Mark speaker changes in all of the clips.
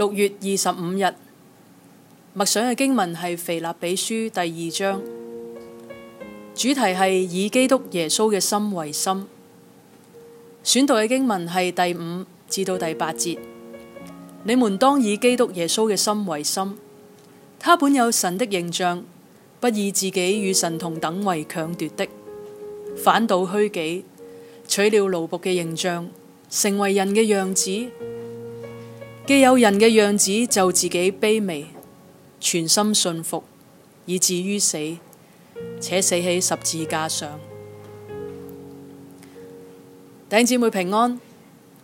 Speaker 1: 六月二十五日，默想嘅經文係《腓立比書》第二章，主題係以基督耶穌嘅心為心。選讀嘅經文係第五至到第八節。你們當以基督耶穌嘅心為心，他本有神的形象，不以自己與神同等為強奪的，反倒虛己，取了奴僕嘅形象，成為人嘅樣子。既有人嘅樣子，就自己卑微，全心順服，以至於死，且死喺十字架上。弟兄姊妹平安，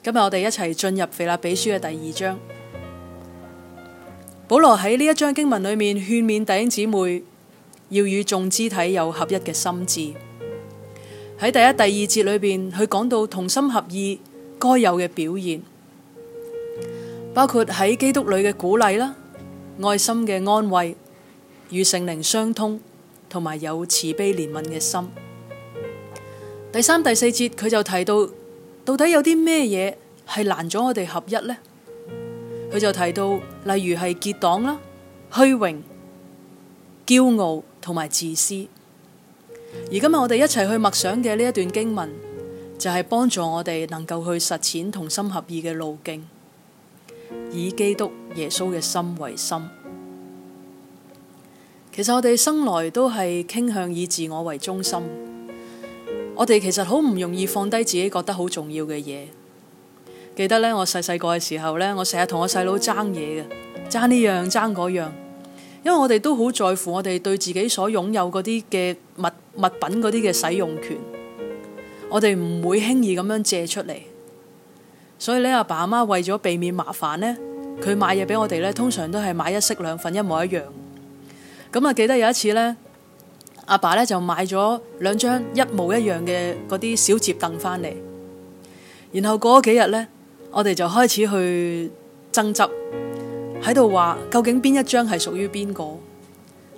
Speaker 1: 今日我哋一齊進入腓立比書嘅第二章。保羅喺呢一章經文裏面勸勉弟兄姊妹要與眾肢體有合一嘅心智。喺第一、第二節裏邊，佢講到同心合意該有嘅表現。包括喺基督裏嘅鼓勵啦，愛心嘅安慰，與聖靈相通，同埋有慈悲憐憫嘅心。第三、第四節佢就提到，到底有啲咩嘢係難咗我哋合一呢？佢就提到，例如係結黨啦、虛榮、驕傲同埋自私。而今日我哋一齊去默想嘅呢一段經文，就係幫助我哋能夠去實踐同心合意嘅路徑。以基督耶穌嘅心為心，其實我哋生來都係傾向以自我為中心。我哋其實好唔容易放低自己覺得好重要嘅嘢。記得咧，我細細個嘅時候咧，我成日同我細佬爭嘢嘅，爭呢樣爭嗰樣，樣，因為我哋都好在乎我哋對自己所擁有嗰啲嘅物物品嗰啲嘅使用權，我哋唔會輕易咁樣借出嚟。所以咧，阿爸阿媽為咗避免麻煩咧，佢買嘢俾我哋咧，通常都係買一式兩份一模一樣。咁啊，記得有一次咧，阿爸咧就買咗兩張一模一樣嘅嗰啲小折凳翻嚟，然後過咗幾日咧，我哋就開始去爭執，喺度話究竟邊一張係屬於邊個。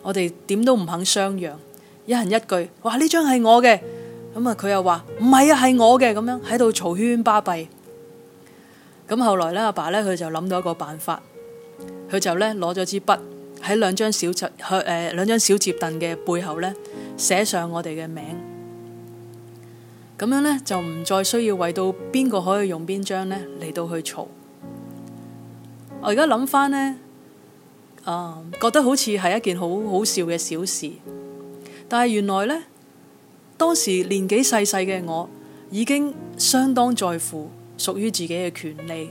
Speaker 1: 我哋點都唔肯相讓，一人一句，哇，呢張係我嘅，咁啊佢又話唔係啊，係我嘅，咁樣喺度嘈喧巴閉。咁後來咧，阿爸咧佢就諗到一個辦法，佢就咧攞咗支筆喺兩張小桌，誒、呃，兩張小折凳嘅背後咧寫上我哋嘅名，咁樣咧就唔再需要為到邊個可以用邊張咧嚟到去嘈。我而家諗翻咧，啊，覺得好似係一件好好笑嘅小事，但係原來咧，當時年紀細細嘅我，已經相當在乎。屬於自己嘅權利，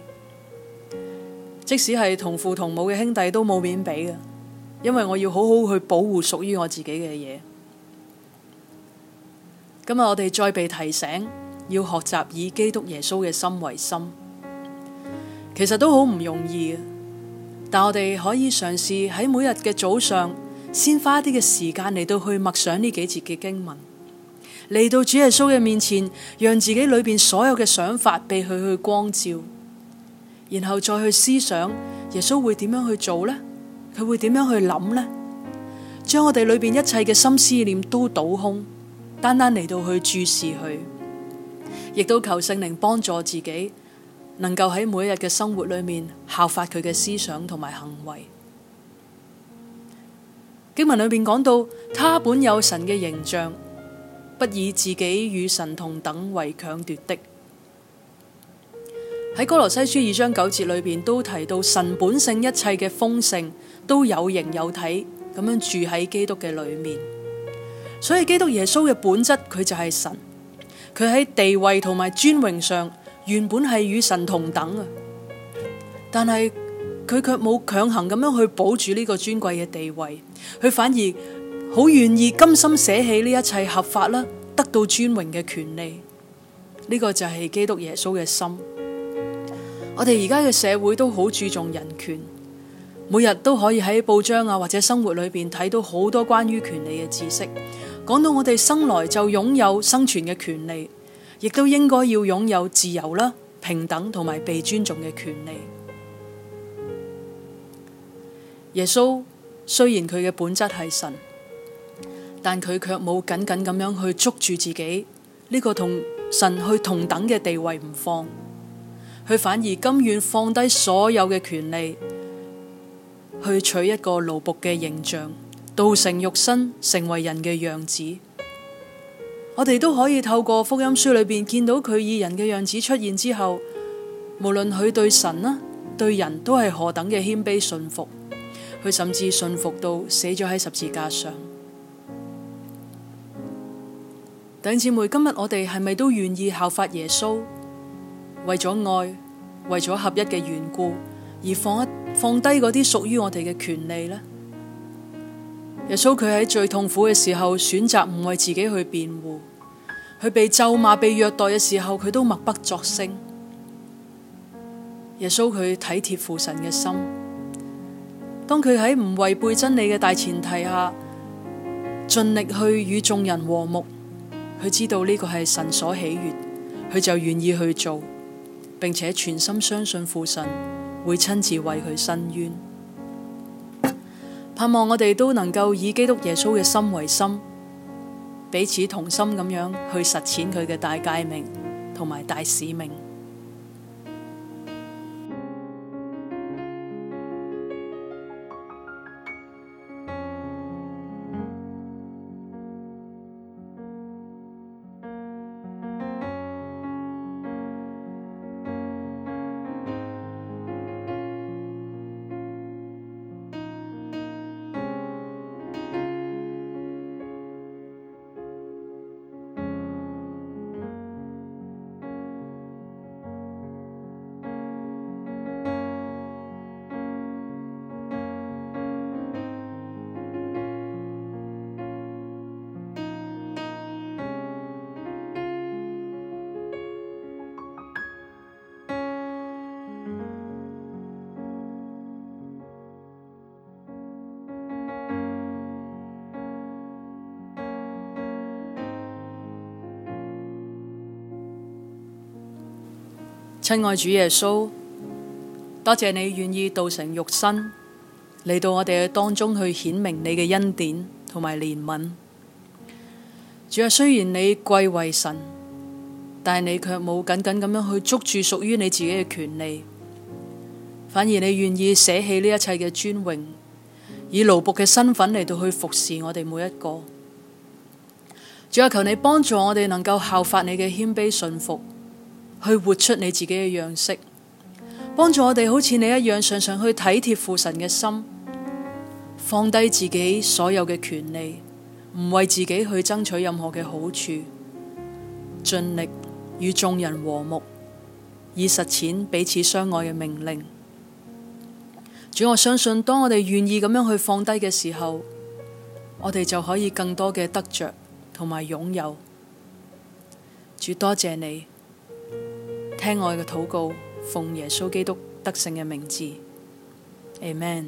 Speaker 1: 即使係同父同母嘅兄弟都冇面俾嘅，因為我要好好去保護屬於我自己嘅嘢。今日我哋再被提醒要學習以基督耶穌嘅心為心，其實都好唔容易。但我哋可以嘗試喺每日嘅早上，先花啲嘅時間嚟到去默想呢幾節嘅經文。嚟到主耶穌嘅面前，讓自己裏邊所有嘅想法被佢去光照，然後再去思想「耶穌會點樣去做呢？佢會點樣去諗呢？」將我哋裏邊一切嘅心思念都倒空，單單嚟到去注視佢，亦都求聖靈幫助自己，能夠喺每日嘅生活裏面效法佢嘅思想同埋行為。經文裏邊講到，他本有神嘅形象。不以自己與神同等為強奪的。喺哥羅西書二章九節裏邊都提到，神本性一切嘅豐盛都有形有體，咁樣住喺基督嘅裏面。所以基督耶穌嘅本質佢就係神，佢喺地位同埋尊榮上原本係與神同等啊。但係佢卻冇強行咁樣去保住呢個尊貴嘅地位，佢反而。好願意甘心捨棄呢一切合法啦，得到尊榮嘅權利。呢、這個就係基督耶穌嘅心。我哋而家嘅社會都好注重人權，每日都可以喺報章啊或者生活裏邊睇到好多關於權利嘅知識。講到我哋生來就擁有生存嘅權利，亦都應該要擁有自由啦、平等同埋被尊重嘅權利。耶穌雖然佢嘅本質係神。但佢卻冇緊緊咁樣去捉住自己呢，這個同神去同等嘅地位唔放，佢反而甘願放低所有嘅權利，去取一個奴僕嘅形象，道成肉身，成為人嘅樣子。我哋都可以透過福音書裏邊見到佢以人嘅樣子出現之後，無論佢對神啊對人都係何等嘅謙卑順服，佢甚至順服到死咗喺十字架上。弟兄姊妹，今日我哋係咪都願意效法耶穌，為咗愛、為咗合一嘅緣故而放一放低嗰啲屬於我哋嘅權利咧？耶穌佢喺最痛苦嘅時候選擇唔為自己去辯護，佢被咒罵、被虐待嘅時候佢都默不作聲。耶穌佢體貼父神嘅心，當佢喺唔違背真理嘅大前提下，盡力去與眾人和睦。佢知道呢個係神所喜悅，佢就願意去做，並且全心相信父神會親自為佢伸冤。盼望我哋都能夠以基督耶穌嘅心為心，彼此同心咁樣去實踐佢嘅大誡命同埋大使命。親愛主耶穌，多謝你願意道成肉身嚟到我哋嘅當中去顯明你嘅恩典同埋憐憫。主啊，雖然你貴為神，但係你卻冇緊緊咁樣去捉住屬於你自己嘅權利，反而你願意捨棄呢一切嘅尊榮，以奴僕嘅身份嚟到去服侍我哋每一個。主啊，求你幫助我哋能夠效法你嘅謙卑信服。去活出你自己嘅樣式，幫助我哋好似你一樣，常常去體貼父神嘅心，放低自己所有嘅權利，唔為自己去爭取任何嘅好處，盡力與眾人和睦，以實踐彼此相愛嘅命令。主，我相信當我哋願意咁樣去放低嘅時候，我哋就可以更多嘅得着同埋擁有。主，多謝你。聽我嘅禱告，奉耶穌基督得勝嘅名字，Amen。